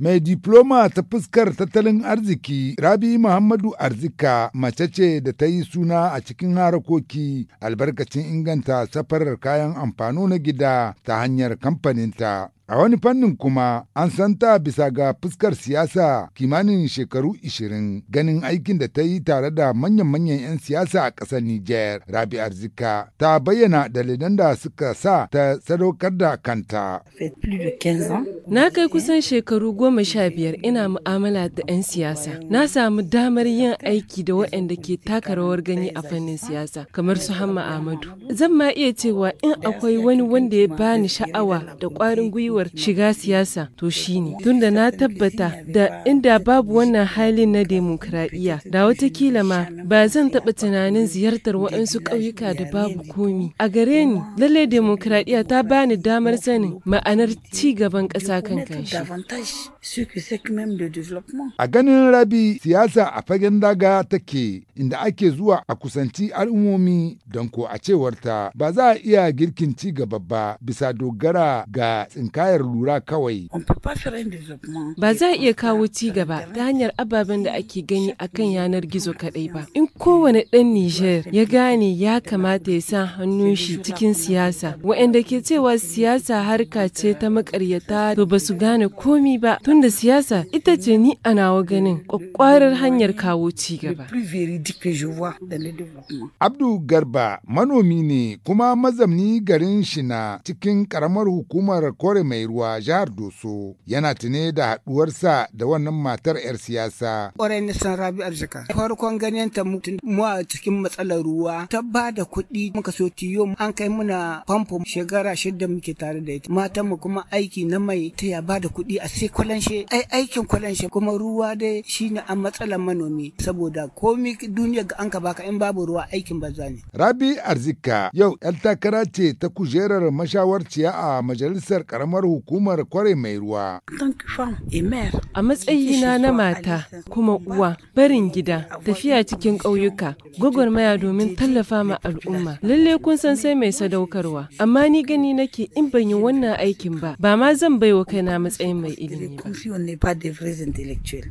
Mai diploma ta fuskar tattalin arziki Rabi Muhammadu Arzika mace ce da ta yi suna a cikin harakoki albarkacin inganta safarar kayan amfano na gida ta hanyar kamfaninta. A wani fannin kuma an san ta bisa ga fuskar siyasa kimanin shekaru 20 ganin aikin da ta yi tare da manyan-manyan 'yan siyasa a ƙasar Nijar, Rabi Arzika, ta bayyana dalilan da suka sa ta sadaukar da kanta. Na kai kusan shekaru goma sha biyar ina mu'amala da 'yan siyasa. Na samu damar yin aiki da waɗanda ke taka rawar gani a fannin siyasa, kamar su Hamma Ahmadu. Zan ma iya cewa in akwai wani wanda ya bani sha'awa da kwarin gwiwa mutuwar shiga siyasa to shi ne tunda na tabbata da inda babu wannan halin na demokradiyya da watakila ma ba zan taɓa tunanin ziyartar waɗansu ƙauyuka da babu komi a gare ni lallai demokradiyya ta bani damar sanin ma'anar ci gaban ƙasa kan kanshi a ganin rabi siyasa a fagen daga take inda ake zuwa a kusanci al'ummomi don ko a cewarta ba za a iya girkin ci gaba ba bisa dogara ga tsinkaya tayar lura kawai. Ba za a iya kawo ci gaba ta hanyar ababen da ake gani a kan yanar gizo kaɗai ba. In kowane ɗan Nijar ya gane ya kamata ya sa hannun shi cikin siyasa, waɗanda ke cewa siyasa harka ce ta makaryata to ba su gane komi ba tunda siyasa ita ce ni a nawa ganin kwakwarar hanyar kawo ci gaba. Abdu Garba manomi ne kuma mazamni garin shi na cikin ƙaramar hukumar Kore mai mai ruwa jihar Doso yana tune da haɗuwarsa da wannan matar 'yar siyasa. Ƙwarai na san Rabi Arzika. Farkon ganin ta mutum mu a cikin matsalar ruwa ta ba da kuɗi muka so tiyo an kai muna famfo shekara shida muke tare da ita. Matan mu kuma aiki na mai ta ya ba da kuɗi a sai kwalanshe ai aikin kwalanshe kuma ruwa dai shine a matsalar manomi saboda komi duniya ga an ka baka in babu ruwa aikin banza ne. Rabi Arzika yau 'yan takara ce ta kujerar mashawarciya a majalisar karamar hukumar kware mai ruwa. A matsayina na mata kuma uwa barin gida tafiya cikin ƙauyuka gwagwarmaya domin tallafa ma al'umma. Lalle kun san sai mai sadaukarwa amma ni gani nake in ban yi wannan aikin ba ba ma zan baiwa kaina matsayin mai ilimi ba.